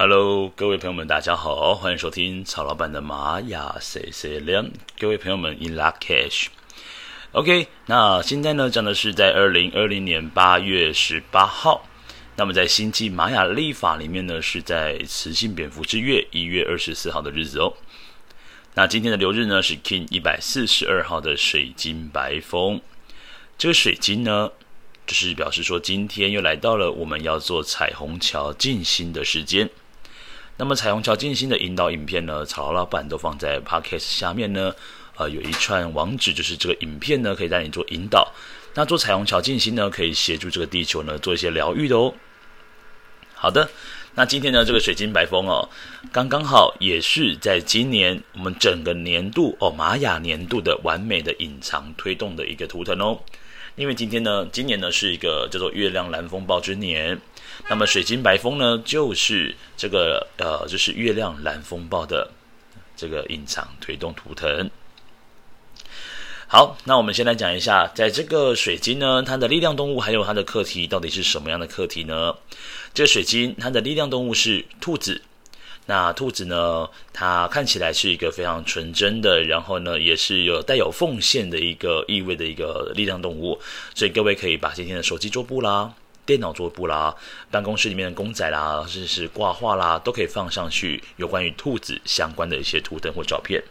Hello，各位朋友們，大家好，歡迎收聽曹老闆的瑪雅碎碎念。各位朋友們，In Lak'ech。OK，那現在呢，講的是在二零二零年八月十八號，那麼在星際瑪雅曆法裡面呢，是在雌性蝙蝠之月一月二十四號的日子哦。那今天的流日呢是 Kin 一百四十二號的水晶白風。這個水晶呢，就是表示說今天又來到了我們要做彩虹橋靜心的時間。那麼彩虹橋靜心的引導影片呢，曹老板都放在 Podcast 下面呢，呃，有一串網址，就是這個影片呢，可以帶你做引導。那做彩虹橋靜心呢，可以協助這個地球呢做一些療癒的哦。好的，那今天呢，這個水晶白風哦，剛剛好也是在今年我們整個年度哦瑪雅年度的完美的隱藏推動的一個圖騰哦，因為今天呢，今年呢是一個叫做月亮藍風暴之年。那麼，水晶白風呢，就是這個呃，就是月亮藍風暴的這個隱藏推動圖騰。好，那我們先來講一下，在這個水晶呢，它的力量動物還有它的課題到底是什麼樣的課題呢？這個水晶它的力量動物是兔子，那兔子呢，它看起來是一個非常純真的，然後呢，也是有帶有奉獻的一個意味的一個力量動物，所以各位可以把今天的手機桌布啦，電腦桌布啦，辦公室裡面的公仔啦，甚至是掛畫啦，都可以放上去有關於兔子相關的一些圖騰或照片。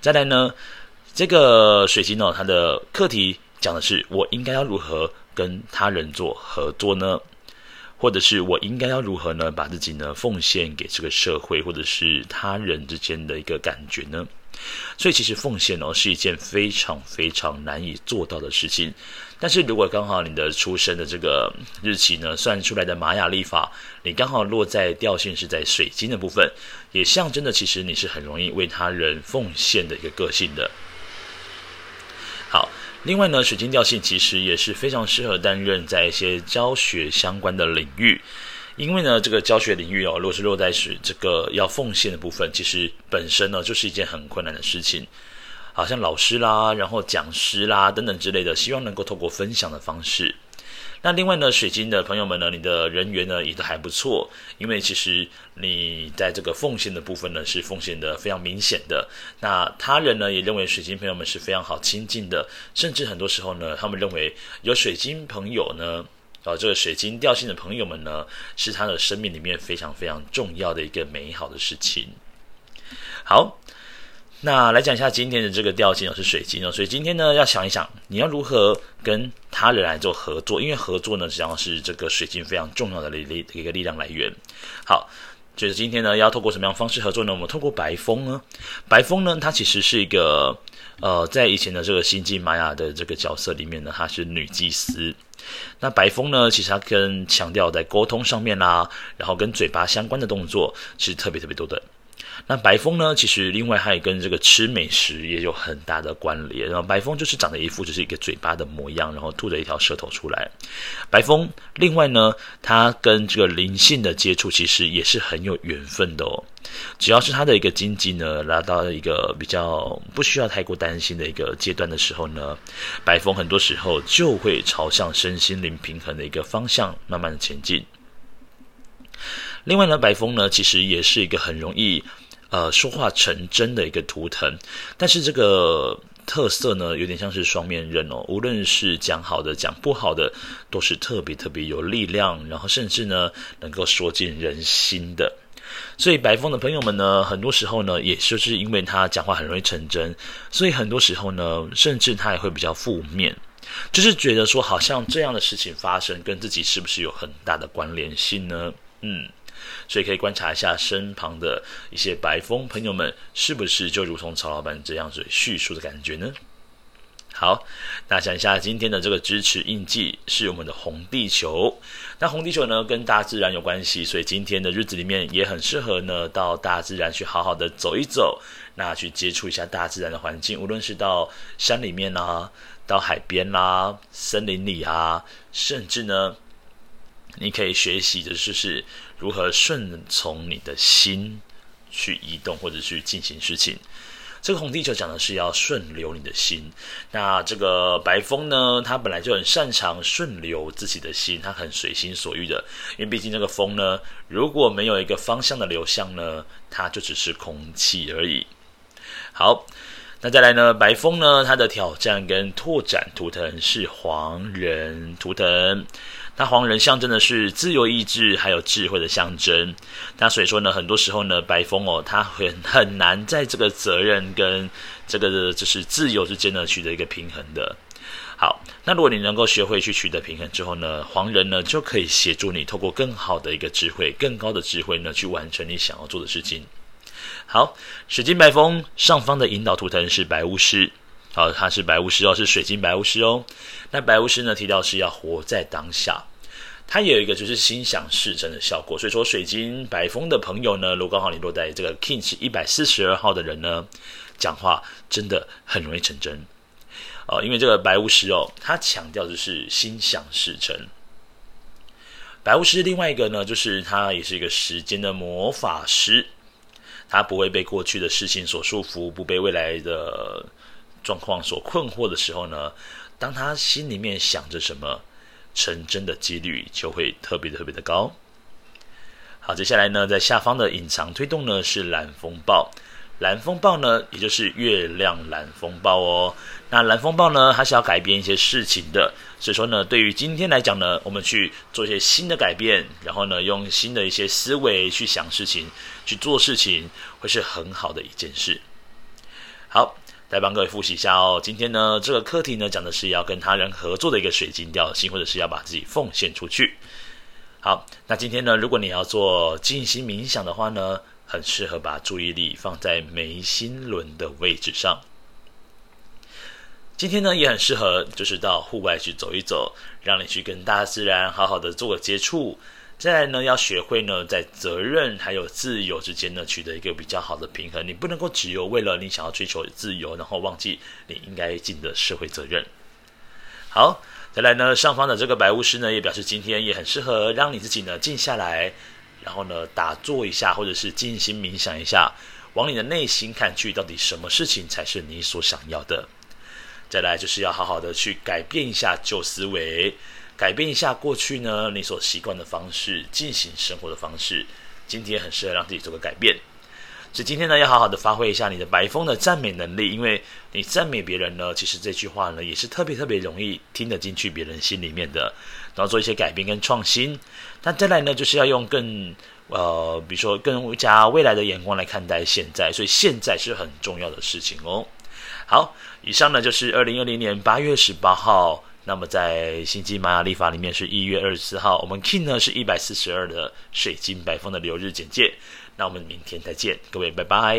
再來呢，這個水晶哦，它的課題講的是我應該要如何跟他人做合作呢？或者是我應該要如何呢，把自己呢奉獻給這個社會或者是他人之間的一個感覺呢？所以其實奉獻呢，是一件非常非常難以做到的事情，但是如果剛好你的出生的這個日期呢算出來的瑪雅曆法，你剛好落在調性是在水晶的部分，也象徵著，其實你是很容易為他人奉獻的一個個性的。好，另外呢，水晶調性其實也是非常適合擔任在一些教學相關的領域。因為呢，這個教學領域哦，如果是落在是這個要奉獻的部分，其實本身呢就是一件很困難的事情。好像老師啦，然後講師啦等等之類的，希望能夠透過分享的方式。那另外呢，水晶的朋友們呢，你的人緣呢也都還不錯，因為其實你在這個奉獻的部分呢是奉獻的非常明顯的。那他人呢也認為水晶朋友們是非常好親近的，甚至很多時候呢，他們認為有水晶朋友呢。哦，這個水晶調性的朋友們呢，是他的生命裡面非常非常重要的一個美好的事情。好，那來講一下今天的這個調性是水晶哦，所以今天呢，要想一想你要如何跟他人來做合作，因為合作呢，實際上是這個水晶非常重要的一個力量來源。好，所以今天呢，要透過什麼樣的方式合作呢？我們透過白風呢，白風呢，它其實是一個呃，在以前的這個星際馬雅的這個角色裡面呢，它是女祭司。那白風呢？其實他更強調在溝通上面啦、啊，然後跟嘴巴相關的動作是特別特別多的。那白風呢？其實另外它也跟這個吃美食也有很大的關聯。然後白風就是長得一副就是一個嘴巴的模樣，然後吐着一條舌頭出來。白風另外呢，它跟這個靈性的接觸其實也是很有緣分的哦。只要是它的一個經濟呢，來到一個比較不需要太過擔心的一個階段的時候呢，白風很多時候就會朝向身心靈平衡的一個方向慢慢的前進。另外呢，白風呢，其實也是一個很容易，呃，說話成真的一個圖騰。但是這個特色呢，有點像是雙面刃哦。無論是講好的、講不好的，都是特別特別有力量，然後甚至呢，能夠說進人心的。所以白風的朋友們呢，很多時候呢，也就是因為他講話很容易成真，所以很多時候呢，甚至他也會比較負面，就是覺得說，好像這樣的事情發生，跟自己是不是有很大的關聯性呢？嗯。所以可以觀察一下身旁的一些白風朋友們，是不是就如同曹老板這樣子敘述的感覺呢？好，那講一下今天的這個支持印記是我們的紅地球。那紅地球呢，跟大自然有關係，所以今天的日子裡面也很適合呢，到大自然去好好的走一走，那去接觸一下大自然的環境，無論是到山裡面啦，到海邊啦，森林裡啊，甚至呢。你可以學習的就是如何順從你的心去移動或者去進行事情。這個紅地球講的是要順流你的心。那這個白風呢？它本來就很擅長順流自己的心，它很隨心所欲的。因為畢竟這個風呢，如果沒有一個方向的流向呢，它就只是空氣而已。好。那再來呢？白風呢？它的挑戰跟拓展圖騰是黃人圖騰。那黃人象徵的是自由意志還有智慧的象徵。那所以說呢，很多時候呢，白風哦，它很很難在這個責任跟這個就是自由之間呢，取得一個平衡的。好，那如果你能夠學會去取得平衡之後呢，黃人呢就可以協助你透過更好的一個智慧，更高的智慧呢，去完成你想要做的事情。好，水晶白風上方的引導圖騰是白巫師。好、哦，他是白巫師哦，是水晶白巫師哦。那白巫師呢？提到是要活在當下，他也有一個就是心想事成的效果。所以說，水晶白風的朋友呢，如果剛好你落在這個 Kin 一百四十二號的人呢，講話真的很容易成真。哦，因為這個白巫師哦，他強調的是心想事成。白巫師另外一個呢，就是他也是一個時間的魔法師。他不會被過去的事情所束縛，不被未來的狀況所困惑的時候呢，當他心裡面想着什麼，成真的幾率就會特別特別的高。好，接下來呢，在下方的隱藏推動呢，是藍風暴。藍風暴呢，也就是月亮藍風暴哦。那藍風暴呢，它是要改變一些事情的。所以說呢，對於今天來講呢，我們去做一些新的改變，然後呢，用新的一些思維去想事情，去做事情，會是很好的一件事。好，再幫各位複習一下哦。今天呢，這個課題呢，講的是要跟他人合作的一個水晶調性，或者是要把自己奉獻出去。好，那今天呢，如果你要做靜心冥想的話呢，很適合把注意力放在眉心輪的位置上。今天呢，也很適合，就是到戶外去走一走，讓你去跟大自然好好的做個接觸。再來呢，要學會呢，在責任還有自由之間呢，取得一個比較好的平衡。你不能夠只有為了你想要追求自由，然後忘記你應該盡的社會責任。好，再來呢，上方的這個白巫師呢，也表示今天也很適合讓你自己呢靜下來。然後呢，打坐一下，或者是靜心冥想一下，往你的內心看去，到底什麼事情才是你所想要的？再來就是要好好的去改變一下舊思維，改變一下過去呢你所習慣的方式，進行生活的方式。今天很適合讓自己做個改變，所以今天呢要好好的發揮一下你的白風的讚美能力，因為你讚美別人呢，其實這句話呢也是特別特別容易聽得進去別人心裡面的。然後做一些改變跟創新，那再來呢，就是要用更呃，比如說更加未來的眼光來看待現在，所以現在是很重要的事情哦。好，以上呢就是二零二零年八月十八號，那麼在星際瑪雅曆法裡面是一月二十四號，我們 Kin 呢是一百四十二的水晶白風的流日簡介，那我們明天再見，各位，拜拜。